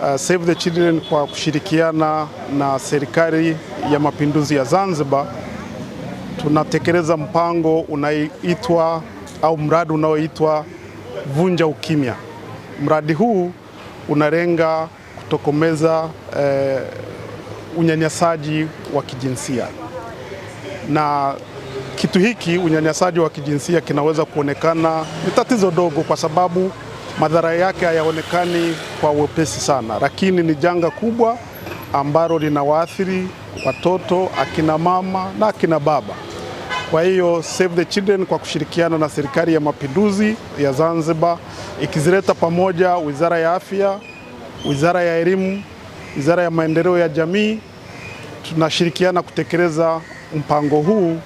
uh, Save the Children kwa kushirikiana na serikali ya mapinduzi ya Zanzibar tunatekeleza mpango unaoitwa au mradi unaoitwa Vunja Ukimya. Mradi huu unalenga kutokomeza eh, unyanyasaji wa kijinsia na kitu hiki, unyanyasaji wa kijinsia kinaweza kuonekana ni tatizo dogo kwa sababu madhara yake hayaonekani kwa wepesi sana, lakini ni janga kubwa ambalo linawaathiri watoto, akina mama na akina baba. Kwa hiyo Save the Children kwa kushirikiana na Serikali ya Mapinduzi ya Zanzibar ikizileta pamoja Wizara ya Afya, Wizara ya Elimu, Wizara ya Maendeleo ya Jamii, tunashirikiana kutekeleza mpango huu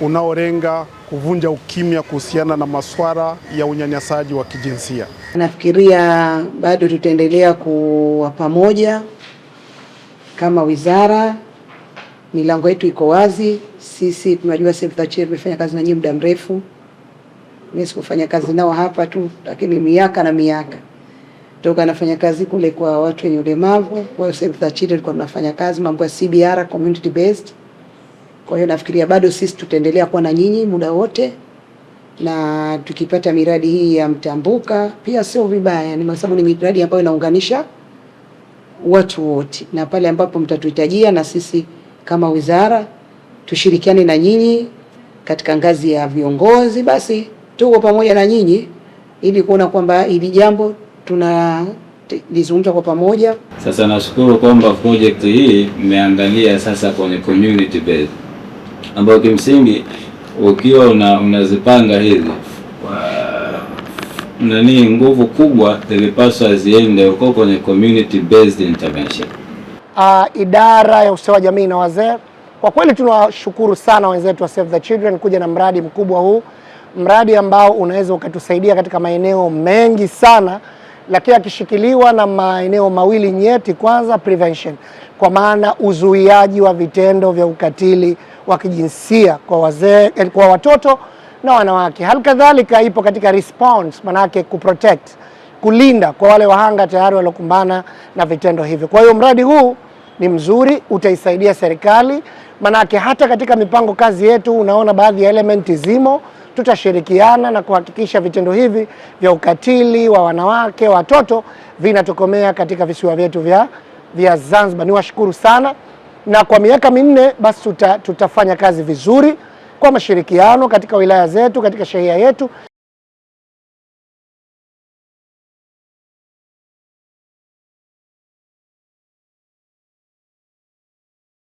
unaolenga kuvunja ukimya kuhusiana na masuala ya unyanyasaji wa kijinsia. Nafikiria bado tutaendelea kuwa pamoja kama wizara, milango yetu iko wazi. Sisi tunajua Save the Children imefanya kazi na nyinyi muda mrefu. Mimi sikufanya kazi nao hapa tu, lakini miaka na miaka toka nafanya kazi kule kwa watu wenye ulemavu. Kwa hiyo Save the Children tulikuwa tunafanya kazi mambo ya CBR, community based kwa hiyo nafikiria bado sisi tutaendelea kuwa na nyinyi muda wote, na tukipata miradi hii ya mtambuka pia sio vibaya, ni sababu ni miradi ambayo inaunganisha watu wote, na pale ambapo mtatuhitajia, na sisi kama wizara tushirikiane na nyinyi katika ngazi ya viongozi, basi tuko pamoja na nyinyi ili kuona kwamba hili jambo lizungumza kwa pamoja. Sasa nashukuru kwamba project hii mmeangalia sasa kwenye community based ambayo kimsingi ukiwa una, unazipanga hizi nani, nguvu kubwa zilipaswa ziende huko kwenye community based intervention. Uh, idara ya ustawi wa jamii na wazee, kwa kweli tunawashukuru sana wenzetu wa Save the Children kuja na mradi mkubwa huu, mradi ambao unaweza ukatusaidia katika maeneo mengi sana lakini akishikiliwa na maeneo mawili nyeti. Kwanza, prevention kwa maana uzuiaji wa vitendo vya ukatili wa kijinsia kwa wazee, eh, kwa watoto na wanawake. Hali kadhalika ipo katika response, manake kuprotect, kulinda kwa wale wahanga tayari waliokumbana na vitendo hivyo. Kwa hiyo mradi huu ni mzuri, utaisaidia serikali, manake hata katika mipango kazi yetu unaona baadhi ya elementi zimo tutashirikiana na kuhakikisha vitendo hivi vya ukatili wa wanawake watoto vinatokomea katika visiwa vyetu vya, vya Zanzibar. Niwashukuru sana na kwa miaka minne basi tuta, tutafanya kazi vizuri kwa mashirikiano katika wilaya zetu katika shehia yetu.